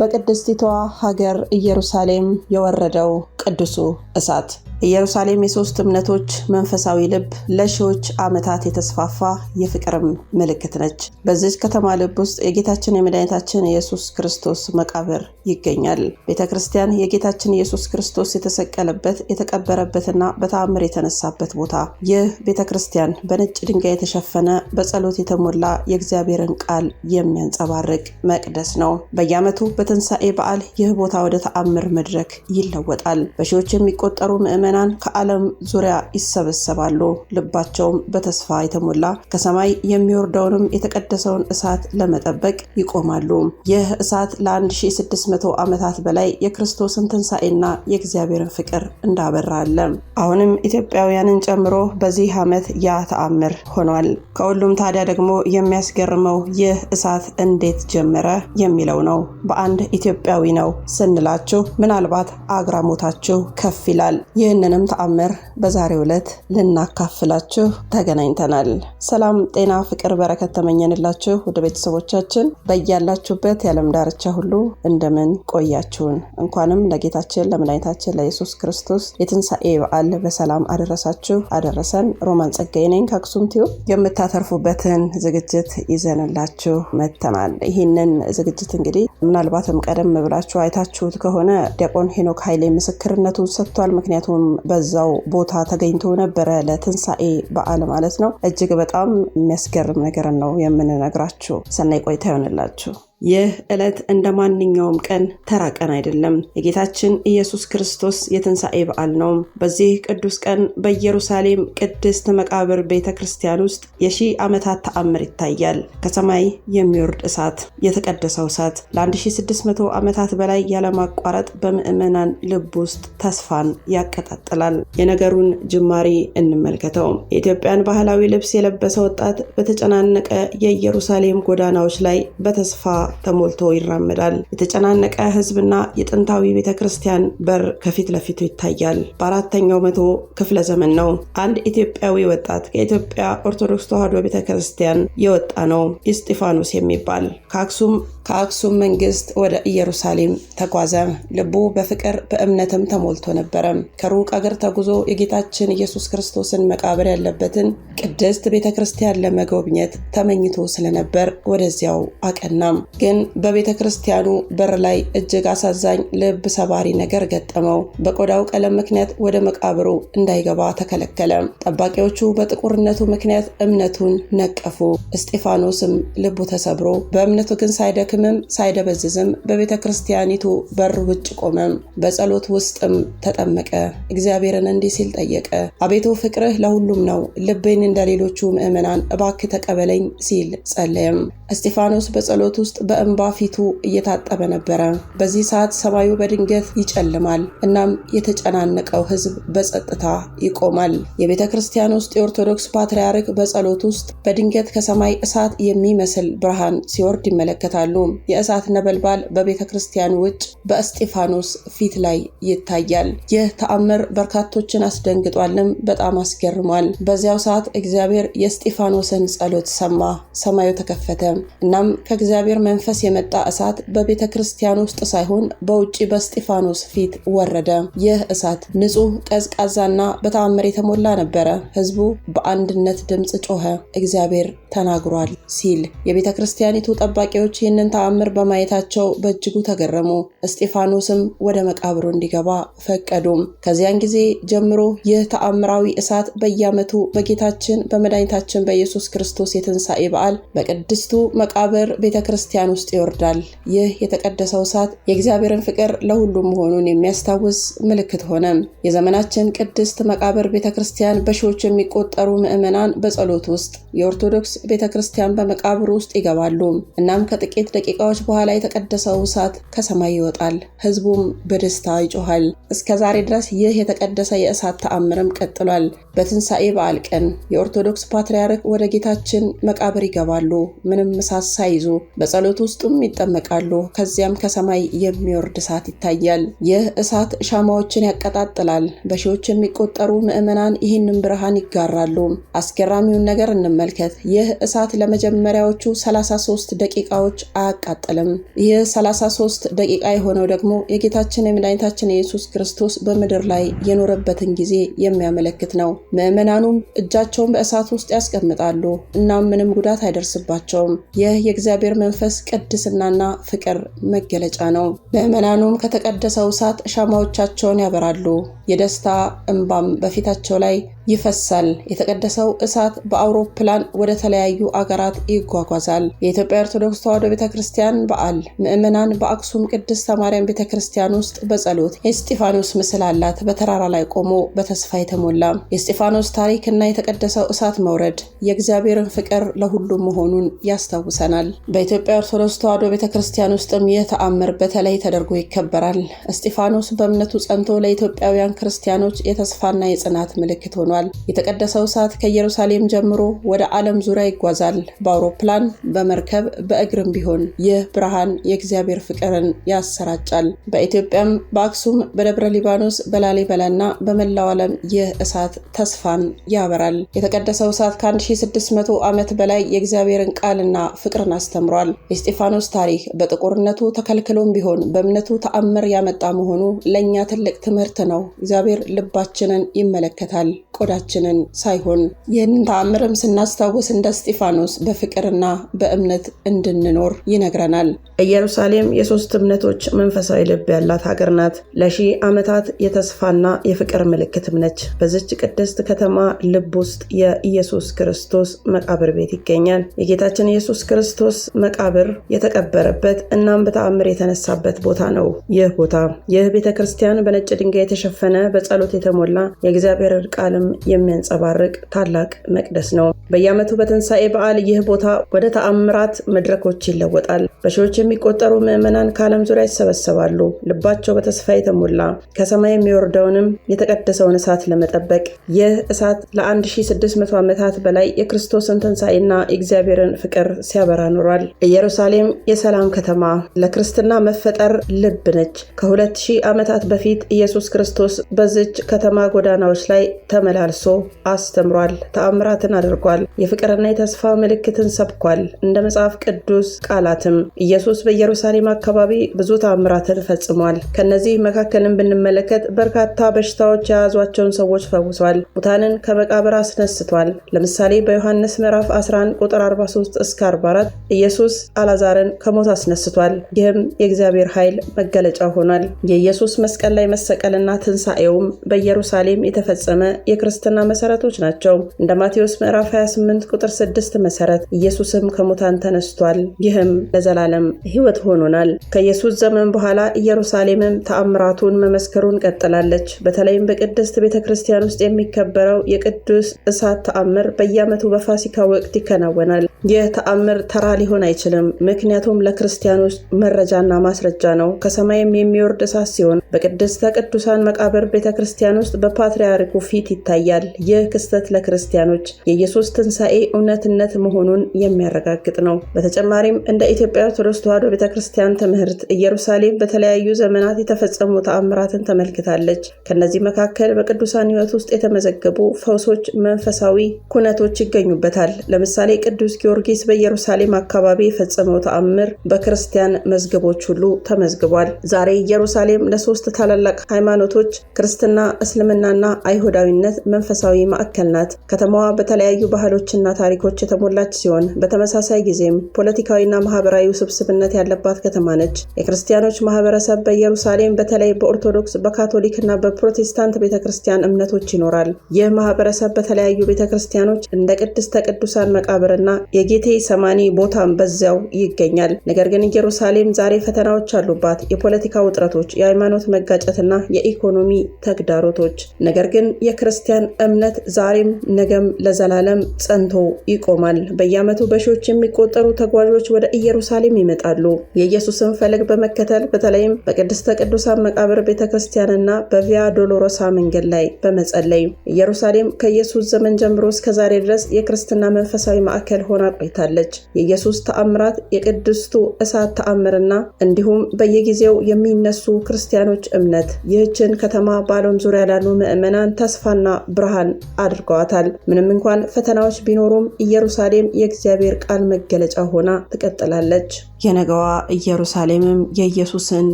በቅድስቲቷ ሀገር ኢየሩሳሌም የወረደው ቅዱሱ እሳት ኢየሩሳሌም የሶስት እምነቶች መንፈሳዊ ልብ ለሺዎች ዓመታት የተስፋፋ የፍቅርም ምልክት ነች። በዚች ከተማ ልብ ውስጥ የጌታችን የመድኃኒታችን ኢየሱስ ክርስቶስ መቃብር ይገኛል። ቤተ ክርስቲያን የጌታችን ኢየሱስ ክርስቶስ የተሰቀለበት የተቀበረበትና በተአምር የተነሳበት ቦታ። ይህ ቤተ ክርስቲያን በነጭ ድንጋይ የተሸፈነ በጸሎት የተሞላ የእግዚአብሔርን ቃል የሚያንጸባርቅ መቅደስ ነው። በየዓመቱ በትንሣኤ በዓል ይህ ቦታ ወደ ተአምር መድረክ ይለወጣል። በሺዎች የሚቆጠሩ ምዕመ ምዕመናን ከዓለም ዙሪያ ይሰበሰባሉ። ልባቸውም በተስፋ የተሞላ ከሰማይ የሚወርደውንም የተቀደሰውን እሳት ለመጠበቅ ይቆማሉ። ይህ እሳት ለ1600 ዓመታት በላይ የክርስቶስን ትንሣኤና የእግዚአብሔርን ፍቅር እንዳበራ አለ። አሁንም ኢትዮጵያውያንን ጨምሮ በዚህ ዓመት ያ ተአምር ሆኗል። ከሁሉም ታዲያ ደግሞ የሚያስገርመው ይህ እሳት እንዴት ጀመረ የሚለው ነው። በአንድ ኢትዮጵያዊ ነው ስንላችሁ ምናልባት አግራሞታችሁ ከፍ ይላል። ይህ ይህንንም ተአምር በዛሬው ዕለት ልናካፍላችሁ ተገናኝተናል። ሰላም፣ ጤና፣ ፍቅር፣ በረከት ተመኘንላችሁ ወደ ቤተሰቦቻችን በያላችሁበት የዓለም ዳርቻ ሁሉ እንደምን ቆያችሁን? እንኳንም ለጌታችን ለመድኃኒታችን ለኢየሱስ ክርስቶስ የትንሣኤ በዓል በሰላም አደረሳችሁ አደረሰን። ሮማን ጸጋዬ ነኝ ከአክሱም ቲዩብ የምታተርፉበትን ዝግጅት ይዘንላችሁ መጥተናል። ይህንን ዝግጅት እንግዲህ ምናልባትም ቀደም ብላችሁ አይታችሁት ከሆነ ዲያቆን ሄኖክ ኃይሌ ምስክርነቱን ሰጥቷል። ምክንያቱም በዛው ቦታ ተገኝቶ ነበረ ለትንሣኤ በዓል ማለት ነው። እጅግ በጣም የሚያስገርም ነገር ነው የምንነግራችሁ። ሰናይ ቆይታ ይሆንላችሁ። ይህ ዕለት እንደ ማንኛውም ቀን ተራ ቀን አይደለም። የጌታችን ኢየሱስ ክርስቶስ የትንሣኤ በዓል ነው። በዚህ ቅዱስ ቀን በኢየሩሳሌም ቅድስት መቃብር ቤተ ክርስቲያን ውስጥ የሺህ ዓመታት ተአምር ይታያል። ከሰማይ የሚወርድ እሳት፣ የተቀደሰው እሳት ለ1600 ዓመታት በላይ ያለማቋረጥ በምዕመናን ልብ ውስጥ ተስፋን ያቀጣጥላል። የነገሩን ጅማሬ እንመልከተው። የኢትዮጵያን ባህላዊ ልብስ የለበሰ ወጣት በተጨናነቀ የኢየሩሳሌም ጎዳናዎች ላይ በተስፋ ተሞልቶ ይራመዳል። የተጨናነቀ ህዝብና የጥንታዊ ቤተ ክርስቲያን በር ከፊት ለፊቱ ይታያል። በአራተኛው መቶ ክፍለ ዘመን ነው። አንድ ኢትዮጵያዊ ወጣት ከኢትዮጵያ ኦርቶዶክስ ተዋሕዶ ቤተ ክርስቲያን የወጣ ነው። ኢስጢፋኖስ የሚባል ከአክሱም ከአክሱም መንግስት ወደ ኢየሩሳሌም ተጓዘ። ልቡ በፍቅር በእምነትም ተሞልቶ ነበረ። ከሩቅ አገር ተጉዞ የጌታችን ኢየሱስ ክርስቶስን መቃብር ያለበትን ቅድስት ቤተ ክርስቲያን ለመጎብኘት ተመኝቶ ስለነበር ወደዚያው አቀናም። ግን በቤተ ክርስቲያኑ በር ላይ እጅግ አሳዛኝ ልብ ሰባሪ ነገር ገጠመው። በቆዳው ቀለም ምክንያት ወደ መቃብሩ እንዳይገባ ተከለከለ። ጠባቂዎቹ በጥቁርነቱ ምክንያት እምነቱን ነቀፉ። እስጢፋኖስም ልቡ ተሰብሮ በእምነቱ ግን ሳይደክ ሳይደክምም ሳይደበዝዝም በቤተ ክርስቲያኒቱ በር ውጭ ቆመም በጸሎት ውስጥም ተጠመቀ። እግዚአብሔርን እንዲህ ሲል ጠየቀ፣ አቤቱ ፍቅርህ ለሁሉም ነው፣ ልቤን እንደ ሌሎቹ ምዕመናን እባክህ ተቀበለኝ ሲል ጸለየም። እስጢፋኖስ በጸሎት ውስጥ በእንባ ፊቱ እየታጠበ ነበረ። በዚህ ሰዓት ሰማዩ በድንገት ይጨልማል። እናም የተጨናነቀው ሕዝብ በጸጥታ ይቆማል። የቤተ ክርስቲያን ውስጥ የኦርቶዶክስ ፓትርያርክ በጸሎት ውስጥ በድንገት ከሰማይ እሳት የሚመስል ብርሃን ሲወርድ ይመለከታሉ። እንዲሁም የእሳት ነበልባል በቤተ ክርስቲያን ውጭ በእስጢፋኖስ ፊት ላይ ይታያል። ይህ ተአምር በርካቶችን አስደንግጧልም፣ በጣም አስገርሟል። በዚያው ሰዓት እግዚአብሔር የእስጢፋኖስን ጸሎት ሰማ፣ ሰማዩ ተከፈተ። እናም ከእግዚአብሔር መንፈስ የመጣ እሳት በቤተ ክርስቲያን ውስጥ ሳይሆን በውጭ በእስጢፋኖስ ፊት ወረደ። ይህ እሳት ንጹህ፣ ቀዝቃዛና በተአምር የተሞላ ነበረ። ህዝቡ በአንድነት ድምፅ ጮኸ፣ እግዚአብሔር ተናግሯል ሲል የቤተ ክርስቲያኒቱ ጠባቂዎች ይህንን ተአምር በማየታቸው በእጅጉ ተገረሙ። እስጢፋኖስም ወደ መቃብሩ እንዲገባ ፈቀዱም። ከዚያን ጊዜ ጀምሮ ይህ ተአምራዊ እሳት በየዓመቱ በጌታችን በመድኃኒታችን በኢየሱስ ክርስቶስ የትንሣኤ በዓል በቅድስቱ መቃብር ቤተ ክርስቲያን ውስጥ ይወርዳል። ይህ የተቀደሰው እሳት የእግዚአብሔርን ፍቅር ለሁሉም መሆኑን የሚያስታውስ ምልክት ሆነ። የዘመናችን ቅድስት መቃብር ቤተ ክርስቲያን በሺዎች የሚቆጠሩ ምዕመናን በጸሎት ውስጥ፣ የኦርቶዶክስ ቤተ ክርስቲያን በመቃብር ውስጥ ይገባሉ። እናም ከጥቂት ደቂቃዎች በኋላ የተቀደሰው እሳት ከሰማይ ይወጣል፣ ህዝቡም በደስታ ይጮኋል። እስከ ዛሬ ድረስ ይህ የተቀደሰ የእሳት ተአምርም ቀጥሏል። በትንሣኤ በዓል ቀን የኦርቶዶክስ ፓትርያርክ ወደ ጌታችን መቃብር ይገባሉ፣ ምንም እሳት ሳይዙ በጸሎት ውስጡም ይጠመቃሉ። ከዚያም ከሰማይ የሚወርድ እሳት ይታያል። ይህ እሳት ሻማዎችን ያቀጣጥላል። በሺዎች የሚቆጠሩ ምዕመናን ይህንን ብርሃን ይጋራሉ። አስገራሚውን ነገር እንመልከት። ይህ እሳት ለመጀመሪያዎቹ 33 ደቂቃዎች አላቃጠለም። ይህ 33 ደቂቃ የሆነው ደግሞ የጌታችን የመድኃኒታችን የኢየሱስ ክርስቶስ በምድር ላይ የኖረበትን ጊዜ የሚያመለክት ነው። ምዕመናኑም እጃቸውን በእሳት ውስጥ ያስቀምጣሉ፣ እናም ምንም ጉዳት አይደርስባቸውም። ይህ የእግዚአብሔር መንፈስ ቅድስናና ፍቅር መገለጫ ነው። ምዕመናኑም ከተቀደሰው እሳት ሻማዎቻቸውን ያበራሉ፣ የደስታ እንባም በፊታቸው ላይ ይፈሳል። የተቀደሰው እሳት በአውሮፕላን ወደ ተለያዩ አገራት ይጓጓዛል። የኢትዮጵያ ኦርቶዶክስ ተዋሕዶ ቤተ ክርስቲያን በዓል ምዕመናን በአክሱም ቅድስተ ማርያም ቤተ ክርስቲያን ውስጥ በጸሎት የእስጢፋኖስ ምስል አላት። በተራራ ላይ ቆሞ በተስፋ የተሞላ የእስጢፋኖስ ታሪክ እና የተቀደሰው እሳት መውረድ የእግዚአብሔርን ፍቅር ለሁሉም መሆኑን ያስታውሰናል። በኢትዮጵያ ኦርቶዶክስ ተዋሕዶ ቤተ ክርስቲያን ውስጥም ይህ ተአምር በተለይ ተደርጎ ይከበራል። እስጢፋኖስ በእምነቱ ጸንቶ ለኢትዮጵያውያን ክርስቲያኖች የተስፋና የጽናት ምልክት ሆኗል። ተብሏል። የተቀደሰው እሳት ከኢየሩሳሌም ጀምሮ ወደ ዓለም ዙሪያ ይጓዛል። በአውሮፕላን፣ በመርከብ፣ በእግርም ቢሆን ይህ ብርሃን የእግዚአብሔር ፍቅርን ያሰራጫል። በኢትዮጵያም በአክሱም፣ በደብረ ሊባኖስ፣ በላሊበላና በመላው ዓለም ይህ እሳት ተስፋን ያበራል። የተቀደሰው እሳት ከ1600 ዓመት በላይ የእግዚአብሔርን ቃልና ፍቅርን አስተምሯል። የእስጢፋኖስ ታሪክ በጥቁርነቱ ተከልክሎም ቢሆን በእምነቱ ተአምር ያመጣ መሆኑ ለእኛ ትልቅ ትምህርት ነው። እግዚአብሔር ልባችንን ይመለከታል። ቆዳችንን ሳይሆን ይህንን ተአምርም ስናስታውስ እንደ እስጢፋኖስ በፍቅርና በእምነት እንድንኖር ይነግረናል። ኢየሩሳሌም የሶስት እምነቶች መንፈሳዊ ልብ ያላት ሀገር ናት። ለሺህ ዓመታት የተስፋና የፍቅር ምልክትም ነች። በዚች ቅድስት ከተማ ልብ ውስጥ የኢየሱስ ክርስቶስ መቃብር ቤት ይገኛል። የጌታችን ኢየሱስ ክርስቶስ መቃብር የተቀበረበት እናም በተአምር የተነሳበት ቦታ ነው። ይህ ቦታ ይህ ቤተ ክርስቲያን በነጭ ድንጋይ የተሸፈነ በጸሎት የተሞላ የእግዚአብሔር ቃልም የሚያንጸባርቅ ታላቅ መቅደስ ነው። በየዓመቱ በትንሣኤ በዓል ይህ ቦታ ወደ ተአምራት መድረኮች ይለወጣል። በሺዎች የሚቆጠሩ ምዕመናን ከዓለም ዙሪያ ይሰበሰባሉ። ልባቸው በተስፋ የተሞላ ከሰማይ የሚወርደውንም የተቀደሰውን እሳት ለመጠበቅ ይህ እሳት ለ1600 ዓመታት በላይ የክርስቶስን ትንሣኤና የእግዚአብሔርን ፍቅር ሲያበራ ኖሯል። ኢየሩሳሌም የሰላም ከተማ፣ ለክርስትና መፈጠር ልብ ነች። ከ2000 ዓመታት በፊት ኢየሱስ ክርስቶስ በዚች ከተማ ጎዳናዎች ላይ ተመላ አልሶ አስተምሯል፣ ተአምራትን አድርጓል፣ የፍቅርና የተስፋ ምልክትን ሰብኳል። እንደ መጽሐፍ ቅዱስ ቃላትም ኢየሱስ በኢየሩሳሌም አካባቢ ብዙ ተአምራትን ፈጽሟል። ከነዚህ መካከልን ብንመለከት በርካታ በሽታዎች የያዟቸውን ሰዎች ፈውሷል፣ ሙታንን ከመቃብር አስነስቷል። ለምሳሌ በዮሐንስ ምዕራፍ 11 ቁጥር 43 እስከ 44 ኢየሱስ አላዛርን ከሞት አስነስቷል። ይህም የእግዚአብሔር ኃይል መገለጫ ሆኗል። የኢየሱስ መስቀል ላይ መሰቀልና ትንሣኤውም በኢየሩሳሌም የተፈጸመ የክርስ የክርስትና መሰረቶች ናቸው። እንደ ማቴዎስ ምዕራፍ 28 ቁጥር 6 መሰረት ኢየሱስም ከሙታን ተነስቷል፣ ይህም ለዘላለም ህይወት ሆኖናል። ከኢየሱስ ዘመን በኋላ ኢየሩሳሌምም ተአምራቱን መመስከሩን ቀጥላለች። በተለይም በቅድስት ቤተ ክርስቲያን ውስጥ የሚከበረው የቅዱስ እሳት ተአምር በየዓመቱ በፋሲካ ወቅት ይከናወናል። ይህ ተአምር ተራ ሊሆን አይችልም፣ ምክንያቱም ለክርስቲያኖች መረጃና ማስረጃ ነው። ከሰማይም የሚወርድ እሳት ሲሆን በቅድስተ ቅዱሳን መቃብር ቤተ ክርስቲያን ውስጥ በፓትርያርኩ ፊት ይታያል። ያሳያል። ይህ ክስተት ለክርስቲያኖች የኢየሱስ ትንሣኤ እውነትነት መሆኑን የሚያረጋግጥ ነው። በተጨማሪም እንደ ኢትዮጵያ ኦርቶዶክስ ተዋሕዶ ቤተ ክርስቲያን ትምህርት ኢየሩሳሌም በተለያዩ ዘመናት የተፈጸሙ ተአምራትን ተመልክታለች። ከእነዚህ መካከል በቅዱሳን ሕይወት ውስጥ የተመዘገቡ ፈውሶች፣ መንፈሳዊ ኩነቶች ይገኙበታል። ለምሳሌ ቅዱስ ጊዮርጊስ በኢየሩሳሌም አካባቢ የፈጸመው ተአምር በክርስቲያን መዝገቦች ሁሉ ተመዝግቧል። ዛሬ ኢየሩሳሌም ለሶስት ታላላቅ ሃይማኖቶች ክርስትና፣ እስልምናና አይሁዳዊነት መንፈሳዊ ማዕከል ናት። ከተማዋ በተለያዩ ባህሎችና ታሪኮች የተሞላች ሲሆን በተመሳሳይ ጊዜም ፖለቲካዊና ማህበራዊ ውስብስብነት ያለባት ከተማ ነች። የክርስቲያኖች ማህበረሰብ በኢየሩሳሌም በተለይ በኦርቶዶክስ፣ በካቶሊክና በፕሮቴስታንት ቤተ ክርስቲያን እምነቶች ይኖራል። ይህ ማህበረሰብ በተለያዩ ቤተ ክርስቲያኖች እንደ ቅድስተ ቅዱሳን መቃብርና የጌቴ ሰማኒ ቦታም በዚያው ይገኛል። ነገር ግን ኢየሩሳሌም ዛሬ ፈተናዎች አሉባት፤ የፖለቲካ ውጥረቶች፣ የሃይማኖት መጋጨትና የኢኮኖሚ ተግዳሮቶች። ነገር ግን የክርስቲያን የኪዳን እምነት ዛሬም ነገም ለዘላለም ጸንቶ ይቆማል። በየዓመቱ በሺዎች የሚቆጠሩ ተጓዦች ወደ ኢየሩሳሌም ይመጣሉ። የኢየሱስን ፈለግ በመከተል በተለይም በቅድስተ ቅዱሳን መቃብር ቤተ ክርስቲያንና በቪያ ዶሎሮሳ መንገድ ላይ በመጸለይ ኢየሩሳሌም ከኢየሱስ ዘመን ጀምሮ እስከ ዛሬ ድረስ የክርስትና መንፈሳዊ ማዕከል ሆና ቆይታለች። የኢየሱስ ተአምራት፣ የቅድስቱ እሳት ተአምርና እንዲሁም በየጊዜው የሚነሱ ክርስቲያኖች እምነት ይህችን ከተማ በዓለም ዙሪያ ላሉ ምዕመናን ተስፋና ብርሃን አድርገዋታል። ምንም እንኳን ፈተናዎች ቢኖሩም ኢየሩሳሌም የእግዚአብሔር ቃል መገለጫ ሆና ትቀጥላለች። የነገዋ ኢየሩሳሌምም የኢየሱስን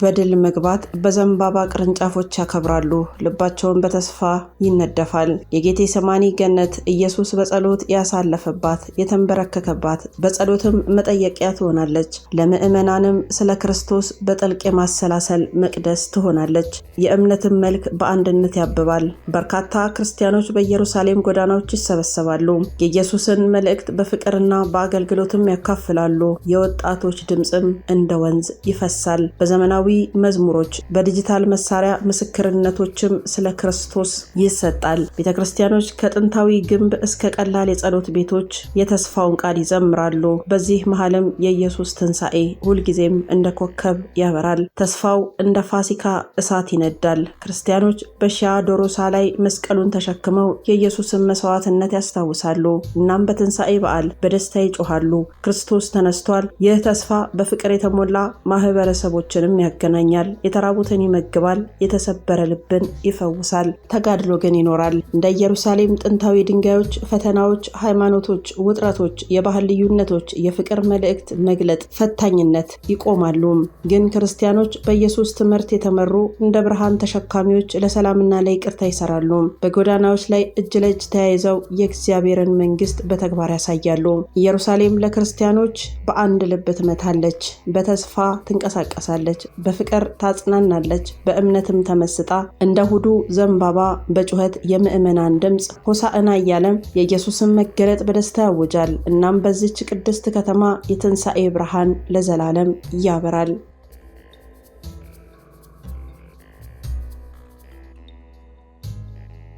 በድል መግባት በዘንባባ ቅርንጫፎች ያከብራሉ፣ ልባቸውን በተስፋ ይነደፋል። የጌቴ ሰማኒ ገነት ኢየሱስ በጸሎት ያሳለፈባት የተንበረከከባት፣ በጸሎትም መጠየቂያ ትሆናለች። ለምዕመናንም ስለ ክርስቶስ በጥልቅ የማሰላሰል መቅደስ ትሆናለች። የእምነትን መልክ በአንድነት ያብባል። በርካታ ክርስቲያኖች በኢየሩሳሌም ጎዳናዎች ይሰበሰባሉ። የኢየሱስን መልእክት በፍቅርና በአገልግሎትም ያካፍላሉ። የወጣቶች ድምፅም እንደ ወንዝ ይፈሳል። በዘመናዊ መዝሙሮች፣ በዲጂታል መሳሪያ ምስክርነቶችም ስለ ክርስቶስ ይሰጣል። ቤተ ክርስቲያኖች ከጥንታዊ ግንብ እስከ ቀላል የጸሎት ቤቶች የተስፋውን ቃል ይዘምራሉ። በዚህ መሃልም የኢየሱስ ትንሣኤ ሁልጊዜም እንደ ኮከብ ያበራል። ተስፋው እንደ ፋሲካ እሳት ይነዳል። ክርስቲያኖች በሺያ ዶሮሳ ላይ መስቀሉን መስቀሉን ተሸክመው የኢየሱስን መስዋዕትነት ያስታውሳሉ። እናም በትንሣኤ በዓል በደስታ ይጮኋሉ፣ ክርስቶስ ተነስቷል። ይህ ተስፋ በፍቅር የተሞላ ማህበረሰቦችንም ያገናኛል። የተራቡትን ይመግባል፣ የተሰበረ ልብን ይፈውሳል። ተጋድሎ ግን ይኖራል። እንደ ኢየሩሳሌም ጥንታዊ ድንጋዮች፣ ፈተናዎች፣ ሃይማኖቶች፣ ውጥረቶች፣ የባህል ልዩነቶች፣ የፍቅር መልእክት መግለጥ ፈታኝነት ይቆማሉ። ግን ክርስቲያኖች በኢየሱስ ትምህርት የተመሩ እንደ ብርሃን ተሸካሚዎች ለሰላምና ለይቅርታ ይሰራሉ። ጎዳናዎች ላይ እጅ ለእጅ ተያይዘው የእግዚአብሔርን መንግስት በተግባር ያሳያሉ። ኢየሩሳሌም ለክርስቲያኖች በአንድ ልብ ትመታለች፣ በተስፋ ትንቀሳቀሳለች፣ በፍቅር ታጽናናለች፣ በእምነትም ተመስጣ እንደ ሁዱ ዘንባባ በጩኸት የምዕመናን ድምፅ ሆሳዕና እያለም የኢየሱስን መገለጥ በደስታ ያውጃል። እናም በዚች ቅድስት ከተማ የትንሣኤ ብርሃን ለዘላለም ያበራል።